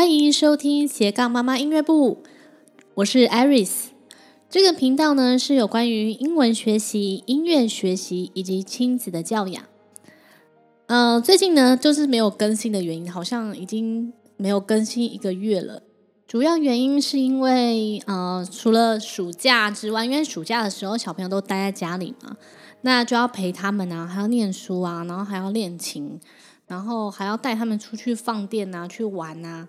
歡迎收聽斜槓媽媽音樂部，我是艾莉絲。這個頻道呢，是有關於英文學習、音樂學習以及親子的教養。呃，最近呢就是沒有更新的原因，好像已經沒有更新一個月了。主要原因是因為呃，除了暑假之外，因為暑假的時候小朋友都待在家裡嘛，那就要陪他們啊，還要念書啊，然後還要練琴，然後還要帶他們出去放電啊，去玩啊。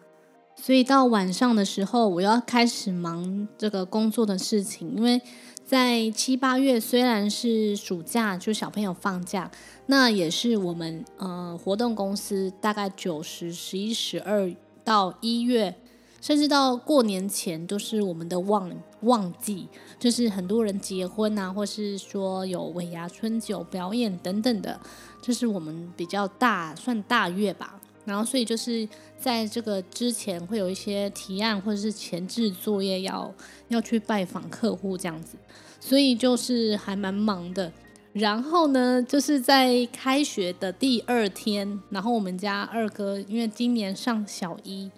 所以到晚上的時候，我要開始忙這個工作的事情。因為在七八月雖然是暑假，就小朋友放假，那也是我們呃活動公司大概九、十、十一、十二到一月，甚至到過年前都是我們的旺旺季，就是很多人結婚啊，或是說有尾牙、春酒表演等等的，這、就是我們比較大算大月吧。然後，所以就是在這個之前會有一些提案或者是前置作業要要去拜訪客戶這樣子，所以就是還蠻忙的。然後呢，就是在開學的第二天，然後我們家二哥因為今年上小一，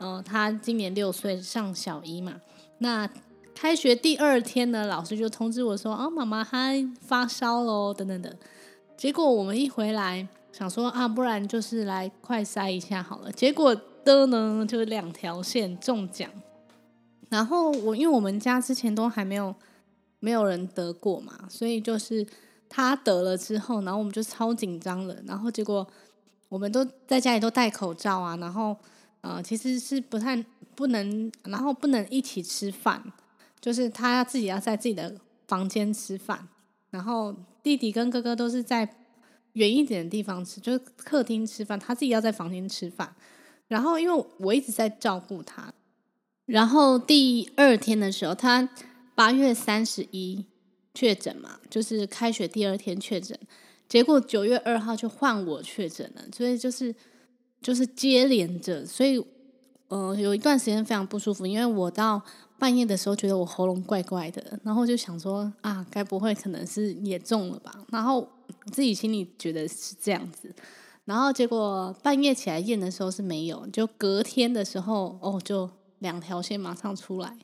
嗯、呃，他今年六歲上小一嘛。那開學第二天呢，老師就通知我說：“哦，媽媽，嗨，發燒嘍。”等等等。結果我們一回來。想說啊，不然就是來快篩一下好了。結果的呢，就兩條線中獎。然後我因為我們家之前都還沒有沒有人得過嘛，所以就是他得了之後，然後我們就超緊張了。然後結果我們都在家裡都戴口罩啊，然後呃其實是不太不能，然後不能一起吃飯，就是他自己要在自己的房間吃飯。然後弟弟跟哥哥都是在遠一點的地方吃，就是客廳吃飯，他自己要在房間吃飯。然後因為我一直在照顧他，然後第二天的時候，他八月三十一確診嘛，就是開學第二天確診，結果九月二號就換我確診了，所以就是就是接連着，所以嗯、呃，有一段時間非常不舒服，因為我到。半夜的時候，覺得我喉嚨怪怪的，然後就想說啊，該不會可能是也中了吧？然後自己心裡覺得是這樣子，然後結果半夜起來驗的時候是沒有，就隔天的時候哦，就兩條線馬上出來，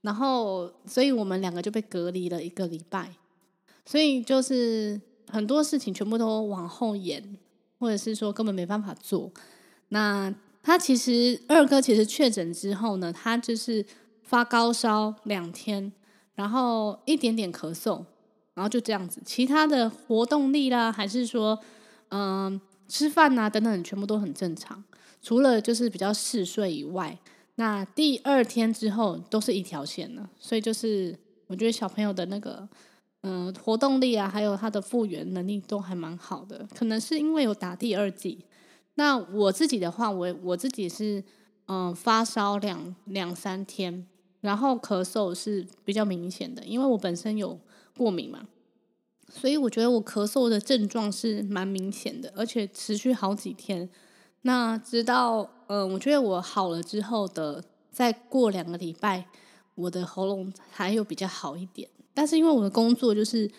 然後所以我們兩個就被隔離了一個禮拜，所以就是很多事情全部都往後延，或者是說根本沒辦法做。那他其實二哥其實確診之後呢，他就是。發高燒兩天，然後一點點咳嗽，然後就這樣子。其他的活動力啦，還是說，嗯、呃，吃飯啊等等，全部都很正常，除了就是比較嗜睡以外。那第二天之後都是一條線了，所以就是我覺得小朋友的那個，嗯、呃，活動力啊，還有他的復原能力都還蠻好的。可能是因為有打第二劑。那我自己的話，我我自己是，嗯、呃，發燒兩兩三天。然後咳嗽是比較明顯的，因為我本身有過敏嘛，所以我覺得我咳嗽的症狀是蠻明顯的，而且持續好幾天。那直到嗯、呃，我覺得我好了之後的，再過兩個禮拜，我的喉嚨還有比較好一點。但是因為我的工作就是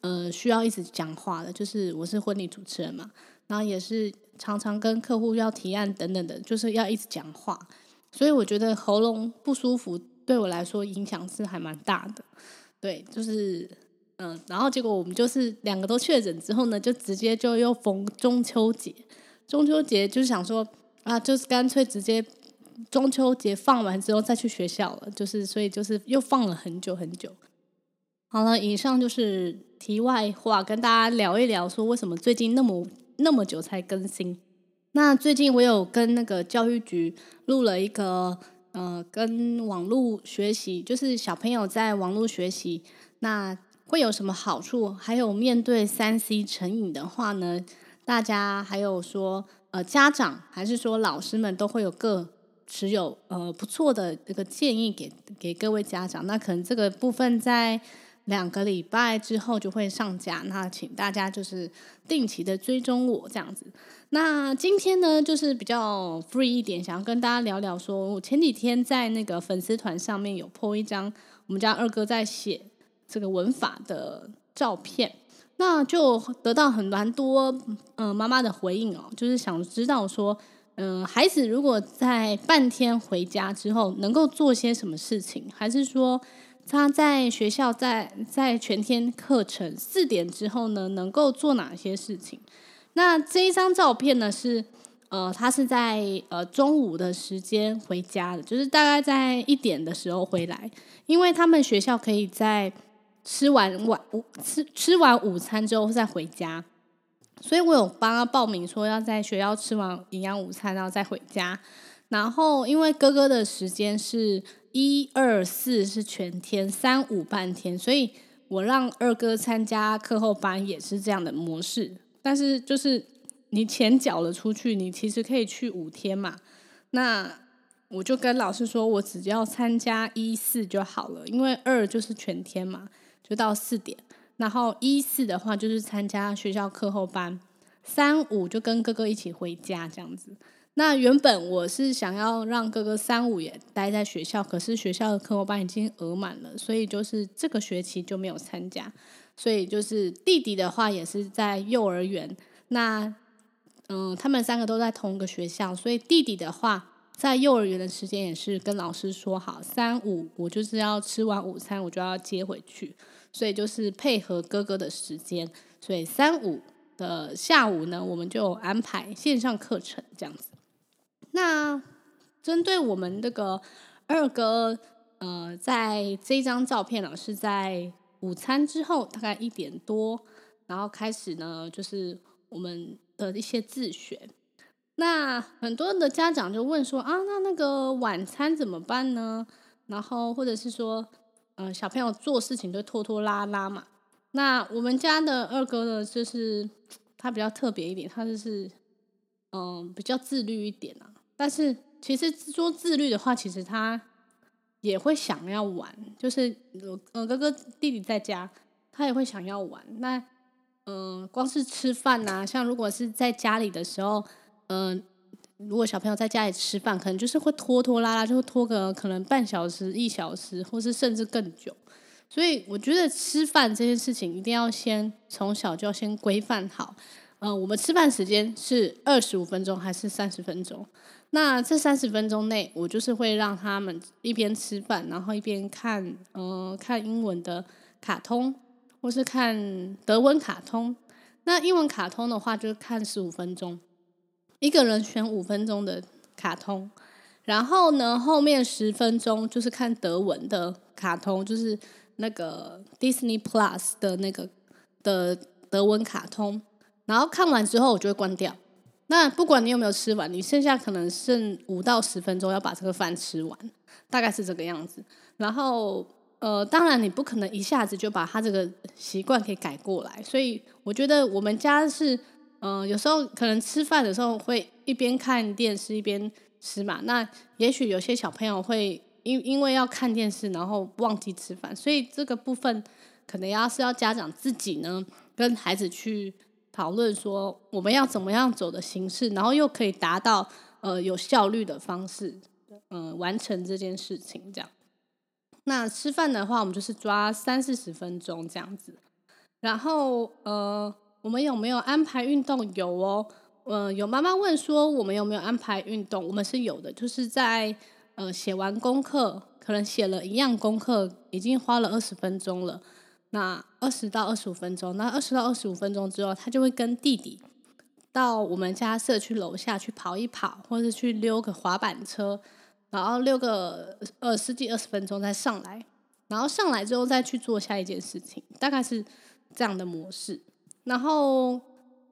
呃，需要一直講話的，就是我是婚禮主持人嘛，然後也是常常跟客戶要提案等等的，就是要一直講話，所以我覺得喉嚨不舒服，對我來說影響是還蠻大的，對，就是嗯、呃，然後結果我們就是兩個都確診之後呢，就直接就又逢中秋節，中秋節就是想說啊，就是乾脆直接中秋節放完之後再去學校了，就是所以就是又放了很久很久。好了，以上就是題外話，跟大家聊一聊說為什麼最近那麼那麼久才更新。那最近我有跟那個教育局錄了一個。呃，跟網絡學習，就是小朋友在網絡學習，那會有什麼好處？還有面對三 C 成癮的話呢？大家還有說，呃，家長還是說老師們都會有個持有，呃，不錯的這個建議給給各位家長。那可能這個部分在。兩個禮拜之後就會上架，那請大家就是定期的追蹤我這樣子。那今天呢，就是比較 free 一點，想要跟大家聊聊說，我前幾天在那個粉絲團上面有 po 一張我們家二哥在寫這個文法的照片，那就得到很多嗯、呃、媽媽的回應哦，就是想知道說，嗯、呃，孩子如果在半天回家之後能夠做些什麼事情，還是說？他在學校在在全天課程四點之後呢，能夠做哪些事情？那這一張照片呢是，呃，他是在呃中午的時間回家的，就是大概在一點的時候回來，因為他們學校可以在吃完晚午吃吃完午餐之後再回家，所以我有幫他報名說要在學校吃完營養午餐，然後再回家。然後，因為哥哥的時間是一、二、四是全天，三、五半天，所以我讓二哥參加課後班也是這樣的模式。但是，就是你錢繳了出去，你其實可以去五天嘛。那我就跟老師說，我只要參加一、四就好了，因為二就是全天嘛，就到四點。然後一、四的話就是參加學校課後班，三、五就跟哥哥一起回家這樣子。那原本我是想要讓哥哥三五也待在學校，可是學校的課後班已經額滿了，所以就是這個學期就沒有參加。所以就是弟弟的話也是在幼兒園。那嗯，他們三個都在同一個學校，所以弟弟的話在幼兒園的時間也是跟老師說好，三五我就是要吃完午餐我就要接回去，所以就是配合哥哥的時間。所以三五的下午呢，我們就安排線上課程這樣子。那針對我們那個二哥，呃，在這張照片呢，是在午餐之後，大概一點多，然後開始呢，就是我們的一些自學。那很多的家長就問說啊，那那個晚餐怎麼辦呢？然後或者是說，嗯、呃，小朋友做事情都拖拖拉拉嘛。那我們家的二哥呢，就是他比較特別一點，他就是嗯、呃，比較自律一點啊。但是其實說自律的話，其實他也會想要玩，就是我哥哥弟弟在家，他也會想要玩。那嗯、呃，光是吃飯吶、啊，像如果是在家裡的時候，嗯、呃，如果小朋友在家裡吃飯，可能就是會拖拖拉拉，就會拖個可能半小時、一小時，或是甚至更久。所以我覺得吃飯這件事情一定要先從小就要先規範好。呃，我們吃飯時間是二十五分鐘還是三十分鐘？那這三十分鐘內，我就是會讓他們一邊吃飯，然後一邊看，呃，看英文的卡通，或是看德文卡通。那英文卡通的話，就是看十五分鐘，一個人選五分鐘的卡通。然後呢，後面十分鐘就是看德文的卡通，就是那個 Disney Plus 的那個的德文卡通。然後看完之後，我就會關掉。那不管你有沒有吃完，你剩下，可能剩五到十分鐘要把這個飯吃完，大概是這個樣子。然後，呃，當然你不可能一下子就把他這個習慣給改過來，所以我覺得我們家是，嗯，有時候可能吃飯的時候會一邊看電視一邊吃嘛。那也許有些小朋友會因因為要看電視，然後忘記吃飯，所以這個部分可能要是要家長自己呢跟孩子去。討論說我們要怎麼樣走的形式，然後又可以達到呃有效率的方式，嗯、呃，完成這件事情這樣。那吃飯的話，我們就是抓三四十分鐘這樣子。然後呃，我們有沒有安排運動？有哦，嗯、呃，有媽媽問說我們有沒有安排運動？我們是有的，就是在呃寫完功課，可能寫了一樣功課，已經花了二十分鐘了。那二十到二十五分鐘，那二十到二十五分鐘之後，他就會跟弟弟到我們家社區樓下去跑一跑，或是去溜個滑板車，然後溜個呃十幾二十分鐘再上來，然後上來之後再去做下一件事情，大概是這樣的模式。然後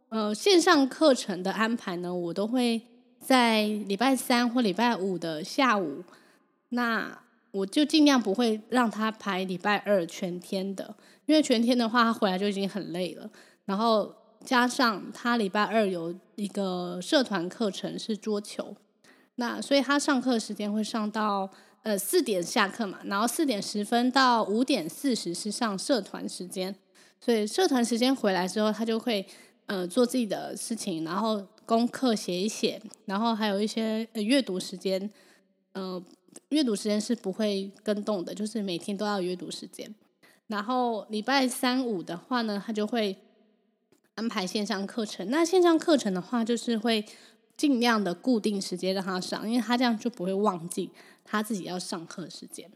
呃線上課程的安排呢，我都會在禮拜三或禮拜五的下午，那。我就盡量不會讓他排禮拜二全天的，因為全天的話，他回來就已經很累了。然後加上他禮拜二有一個社團課程是桌球，那所以他上課時間會上到呃四點下課嘛，然後四點十分到五點四十是上社團時間，所以社團時間回來之後，他就會呃做自己的事情，然後功課寫一寫，然後還有一些呃閱讀時間，嗯。閱讀時間是不會更動的，就是每天都要閱讀時間。然後禮拜三五的話呢，他就會安排線上課程。那線上課程的話，就是會盡量的固定時間讓他上，因為他這樣就不會忘記他自己要上課時間。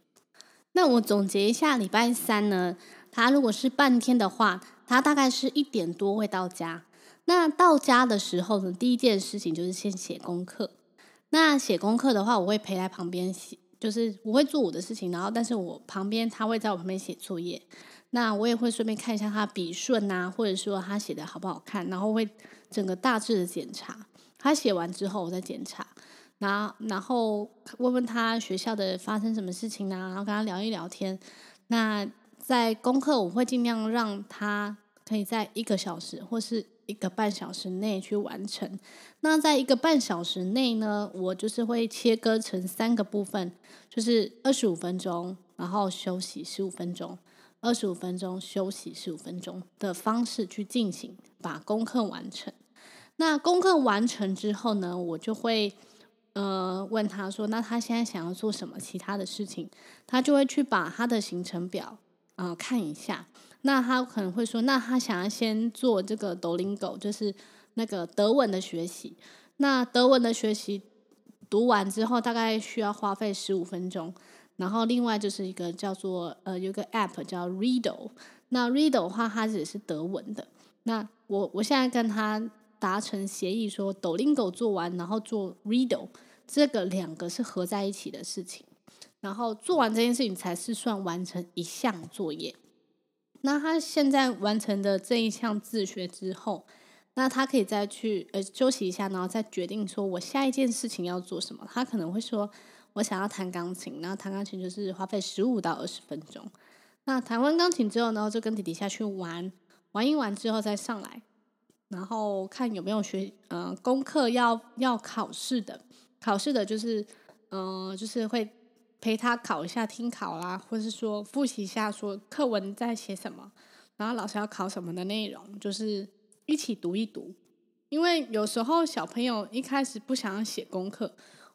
那我總結一下，禮拜三呢，他如果是半天的話，他大概是一點多會到家。那到家的時候呢，第一件事情就是先寫功課。那寫功課的話，我會陪在旁邊寫，就是我會做我的事情，然後但是我旁邊他會在我旁邊寫作業，那我也會順便看一下他筆順啊，或者說他寫的好不好看，然後會整個大致的檢查。他寫完之後我再檢查，然後然後問問他學校的發生什麼事情啊，然後跟他聊一聊天。那在功課我會盡量讓他可以在一個小時或是一個半小時內去完成。那在一個半小時內呢，我就是會切割成三個部分，就是二十五分鐘，然後休息十五分鐘，二十五分鐘休息十五分鐘的方式去進行，把功課完成。那功課完成之後呢，我就會呃問他說：“那他現在想要做什麼？其他的事情。”他就會去把他的行程表啊，呃，看一下。那他可能會說，那他想要先做這個 Duolingo，就是那個德文的學習。那德文的學習讀完之後，大概需要花費十五分鐘。然後另外就是一個叫做呃，有一個 App 叫 Reado。那 Reado 的話，它也是德文的。那我我現在跟他達成協議說，說 Duolingo 做完，然後做 Reado，這個兩個是合在一起的事情。然後做完這件事情，才是算完成一項作業。那他現在完成的這一項自學之後，那他可以再去呃休息一下，然後再決定說我下一件事情要做什麼。他可能會說我想要彈鋼琴，然後彈鋼琴就是花費十五到二十分鐘。那彈完鋼琴之後呢，然後就跟弟弟下去玩，玩一玩之後再上來，然後看有沒有學呃功課要要考試的，考試的就是嗯、呃、就是會。陪他考一下聽考啦、啊，或是說複習一下，說課文在寫什麼，然後老師要考什麼的內容，就是一起讀一讀。因為有時候小朋友一開始不想要寫功課，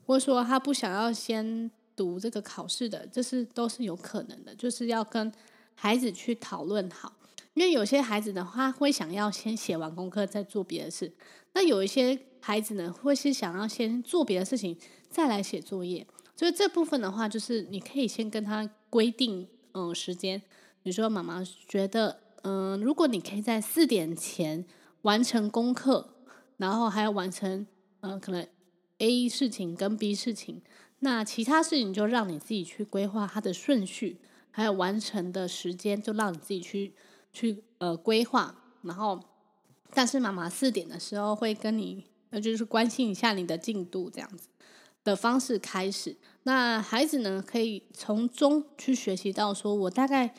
或者說他不想要先讀這個考試的，這是都是有可能的。就是要跟孩子去討論好，因為有些孩子的話會想要先寫完功課再做別的事，那有一些孩子呢會是想要先做別的事情再來寫作業。所以這部分的話，就是你可以先跟他規定，嗯、呃，時間。比如說媽媽覺得，嗯、呃，如果你可以在四點前完成功課，然後還要完成，嗯、呃，可能 A 事情跟 B 事情，那其他事情就讓你自己去規劃它的順序，還有完成的時間，就讓你自己去去呃規劃。然後，但是媽媽四點的時候會跟你，呃，就是關心一下你的進度這樣子。的方式開始，那孩子呢，可以從中去學習到，說我大概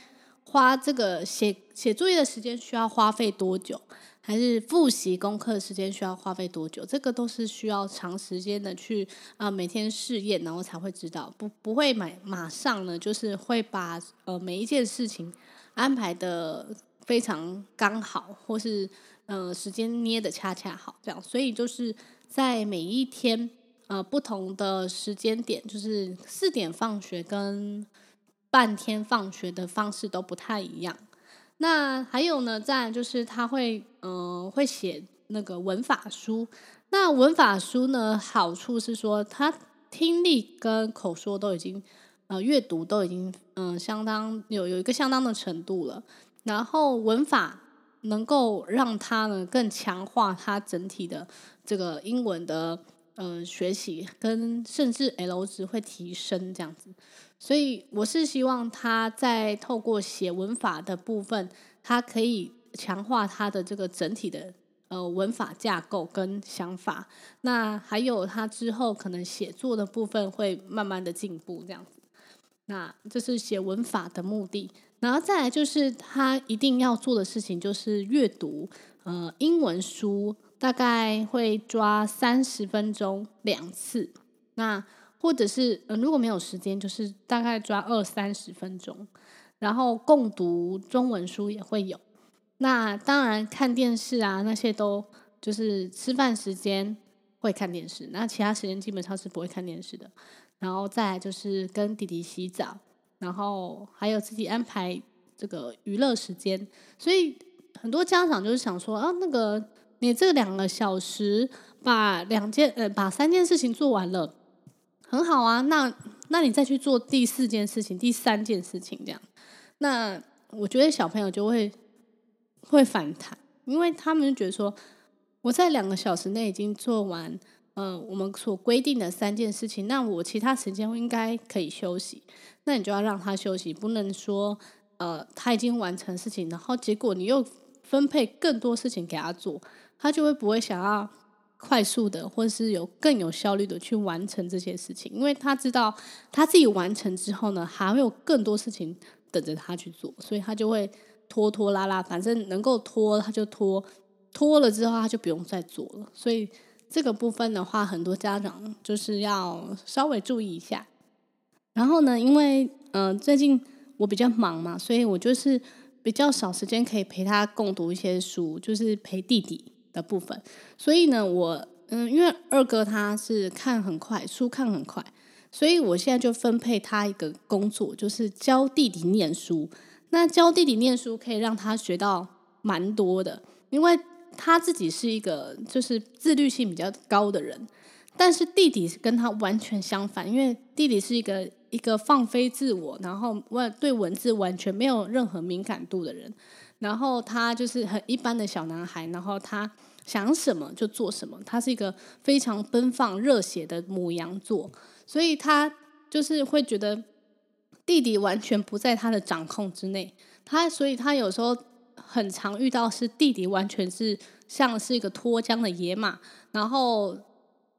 花這個寫寫作業的時間需要花費多久，還是複習功課時間需要花費多久？這個都是需要長時間的去啊、呃、每天試驗，然後才會知道，不不會買馬上呢，就是會把呃每一件事情安排的非常剛好，或是嗯、呃、時間捏得恰恰好這樣，所以就是在每一天。呃，不同的時間點，就是四點放學跟半天放學的方式都不太一樣。那還有呢，再來就是他會，嗯、呃，會寫那個文法書。那文法書呢，好處是說他聽力跟口說都已經，呃，閱讀都已經，嗯、呃，相當有有一個相當的程度了。然後文法能夠讓他呢更強化他整體的這個英文的。呃，學習跟甚至 L 值會提升這樣子，所以我是希望他在透過寫文法的部分，他可以強化他的這個整體的呃文法架構跟想法。那還有他之後可能寫作的部分會慢慢的進步這樣子，那這是寫文法的目的。然後再來就是他一定要做的事情就是閱讀，呃，英文書。大概會抓三十分鐘兩次，那或者是嗯、呃，如果沒有時間，就是大概抓二三十分鐘，然後共讀中文書也會有。那當然看電視啊，那些都就是吃飯時間會看電視，那其他時間基本上是不會看電視的。然後再來就是跟弟弟洗澡，然後還有自己安排這個娛樂時間。所以很多家長就是想說啊，那個。你這兩個小時把兩件呃，把三件事情做完了，很好啊。那那你再去做第四件事情，第三件事情這樣。那我覺得小朋友就會會反彈，因為他們就覺得說我在兩個小時內已經做完呃，我們所規定的三件事情，那我其他時間應該可以休息。那你就要讓他休息，不能說呃，他已經完成事情，然後結果你又分配更多事情給他做。他就會不會想要快速的，或是有更有效率的去完成這些事情，因為他知道他自己完成之後呢，還會有更多事情等着他去做，所以他就會拖拖拉拉，反正能夠拖他就拖，拖了之後他就不用再做了。所以這個部分的話，很多家長就是要稍微注意一下。然後呢，因為嗯、呃、最近我比較忙嘛，所以我就是比較少時間可以陪他共讀一些書，就是陪弟弟。的部分，所以呢，我嗯，因為二哥他是看很快，書看很快，所以我現在就分配他一個工作，就是教弟弟念書。那教弟弟念書可以讓他學到蠻多的，因為他自己是一個就是自律性比較高的人，但是弟弟跟他完全相反，因為弟弟是一個一個放飛自我，然後我對文字完全沒有任何敏感度的人。然後他就是很一般的小男孩，然後他想什麼就做什麼，他是一個非常奔放熱血的牡羊座，所以他就是會覺得弟弟完全不在他的掌控之內，他所以他有時候很常遇到是弟弟完全是像是一個脫韁的野馬，然後。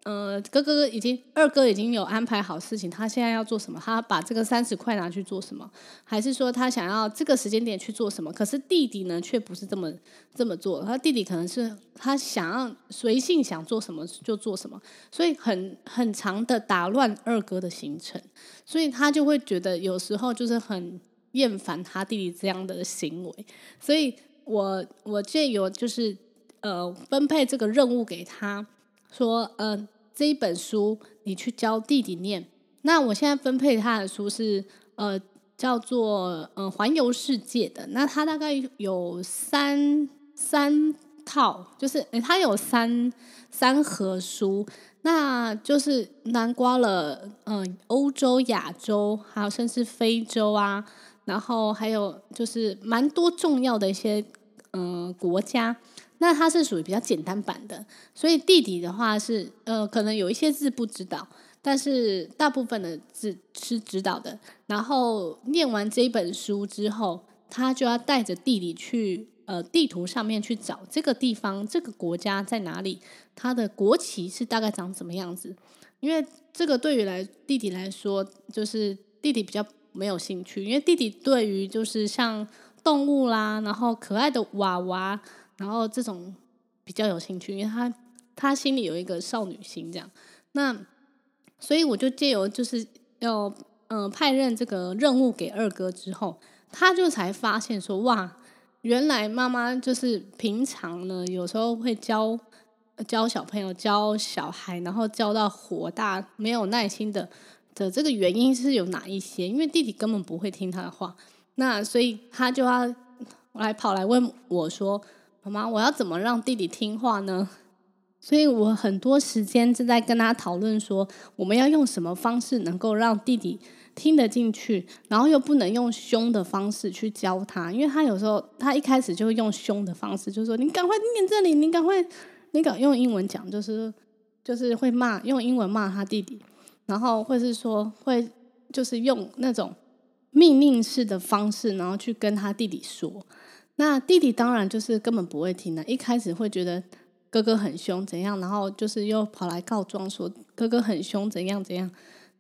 呃，哥哥，哥已經二哥已經有安排好事情，他現在要做什麼？他把這個三十塊拿去做什麼？還是說他想要這個時間點去做什麼？可是弟弟呢，卻不是這麼這麼做。他弟弟可能是他想要隨性想做什麼就做什麼，所以很很長的打亂二哥的行程，所以他就會覺得有時候就是很厭煩他弟弟這樣的行為。所以我我建議有就是呃分配這個任務給他說呃。這一本書，你去教弟弟念。那我現在分配他的書是，呃，叫做嗯，環、呃、遊世界的。那他大概有三三套，就是，他、欸、有三三盒書，那就是囊括了，嗯、呃，歐洲、亞洲，還有甚至非洲啊，然後還有就是蠻多重要的一些，嗯、呃，國家。那它是屬於比較簡單版的，所以弟弟的話是，呃，可能有一些字不知道，但是大部分的字是知道的。然後念完這本書之後，他就要帶着弟弟去，呃，地圖上面去找這個地方，這個國家在哪裡？它的國旗是大概長什麼樣子？因為這個對於來弟弟來說，就是弟弟比較沒有興趣，因為弟弟對於就是像動物啦，然後可愛的娃娃。然後這種比較有興趣，因為他他心裡有一個少女心這樣，那所以我就借由就是要嗯、呃、派任這個任務給二哥之後，他就才發現說，哇，原來媽媽就是平常呢有時候會教教小朋友教小孩，然後教到火大沒有耐心的的這個原因是有哪一些？因為弟弟根本不會聽他的話，那所以他就要來跑來問我說。好嗎？我要怎麼讓弟弟聽話呢？所以我很多時間就在跟他討論說，我們要用什麼方式能夠讓弟弟聽得進去，然後又不能用凶的方式去教他，因為他有時候他一開始就會用凶的方式，就是說你趕快念這裡，你趕快你趕用英文講，就是就是會罵用英文罵他弟弟，然後或是說會就是用那種命令式的方式，然後去跟他弟弟說。那弟弟當然就是根本不會聽的，一開始會覺得哥哥很凶怎樣，然後就是又跑來告狀說哥哥很凶怎樣怎樣，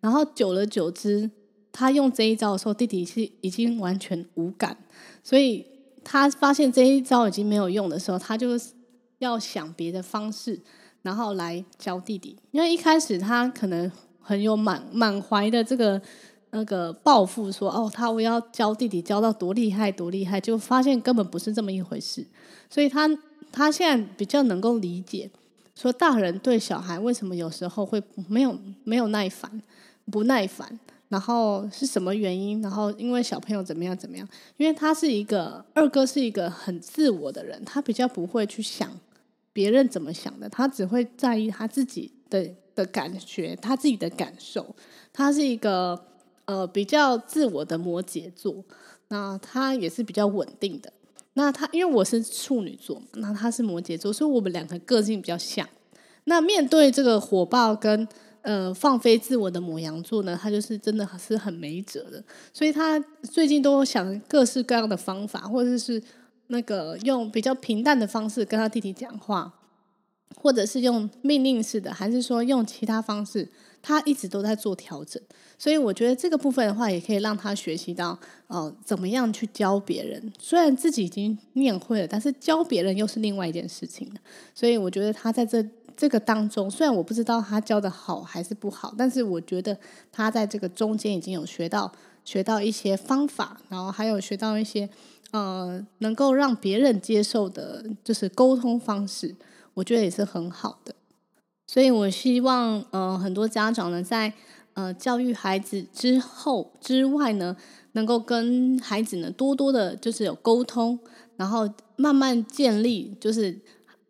然後久而久之，他用這一招的時候，弟弟是已經完全無感，所以他發現這一招已經沒有用的時候，他就要想別的方式，然後來教弟弟，因為一開始他可能很有滿滿懷的這個。那個報復說哦，他我要教弟弟教到多厲害多厲害，就發現根本不是這麼一回事。所以他，他他現在比較能夠理解，說大人對小孩為什麼有時候會沒有沒有耐煩，不耐煩，然後是什麼原因，然後因為小朋友怎麼樣怎麼樣，因為他是一個二哥，是一個很自我的人，他比較不會去想別人怎麼想的，他只會在意他自己的的感覺，他自己的感受。他是一個。呃，比較自我的摩羯座，那他也是比較穩定的。那他因為我是處女座，那他是摩羯座，所以我們兩個個性比較像。那面對這個火爆跟，呃，放飛自我的牡羊座呢，他就是真的是很沒轍的。所以他最近都想各式各樣的方法，或者是那個用比較平淡的方式跟他弟弟講話。或者是用命令式的，還是說用其他方式，他一直都在做調整。所以我覺得這個部分的話，也可以讓他學習到哦、呃，怎麼樣去教別人。雖然自己已經唸會了，但是教別人又是另外一件事情。所以我覺得他在這這個當中，雖然我不知道他教得好還是不好，但是我覺得他在這個中間已經有學到學到一些方法，然後還有學到一些呃，能夠讓別人接受的，就是溝通方式。我覺得也是很好的，所以我希望，嗯、呃，很多家長呢，在呃教育孩子之後之外呢，能夠跟孩子呢多多的，就是有溝通，然後慢慢建立，就是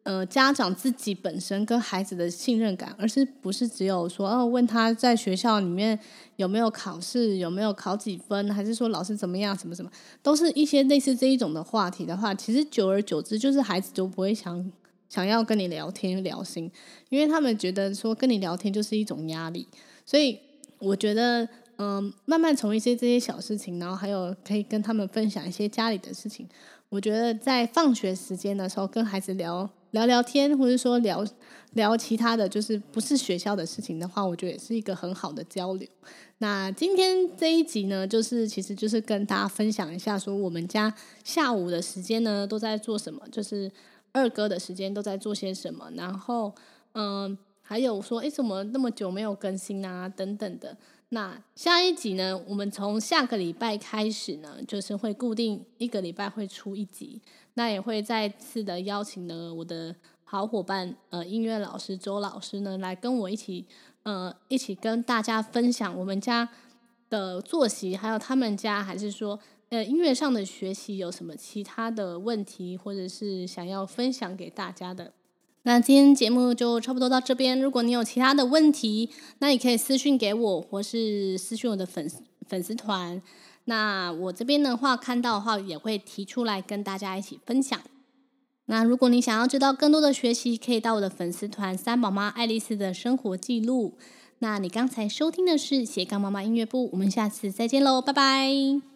呃家長自己本身跟孩子的信任感，而是不是只有說哦問他在學校裡面有沒有考試，有沒有考幾分，還是說老師怎麼樣，什麼什麼，都是一些類似這一種的話題的話，其實久而久之，就是孩子都不會想。想要跟你聊天聊心，因為他們覺得說跟你聊天就是一種壓力，所以我覺得，嗯，慢慢從一些這些小事情，然後還有可以跟他們分享一些家裡的事情。我覺得在放學時間的時候，跟孩子聊聊聊天，或者說聊聊其他的就是不是學校的事情的話，我覺得也是一個很好的交流。那今天這一集呢，就是其實就是跟大家分享一下，說我們家下午的時間呢都在做什麼，就是。二哥的時間都在做些什麼？然後，嗯、呃，還有說，誒，怎麼那麼久沒有更新啊？等等的。那下一集呢？我們從下個禮拜開始呢，就是會固定一個禮拜會出一集。那也會再次的邀請呢，我的好夥伴，呃，音樂老師周老師呢，來跟我一起，呃，一起跟大家分享我們家的作息，還有他們家，還是說。呃，音樂上的學習有什麼其他的問題，或者是想要分享給大家的？那今天節目就差不多到這邊。如果你有其他的問題，那你可以私信給我，或是私信我的粉絲粉絲團。那我這邊的話，看到的話也會提出來跟大家一起分享。那如果你想要知道更多的學習，可以到我的粉絲團“三寶媽艾莉絲的生活記錄”。那你剛才收聽的是“斜槓媽媽音樂部”，我們下次再見嘍，拜拜。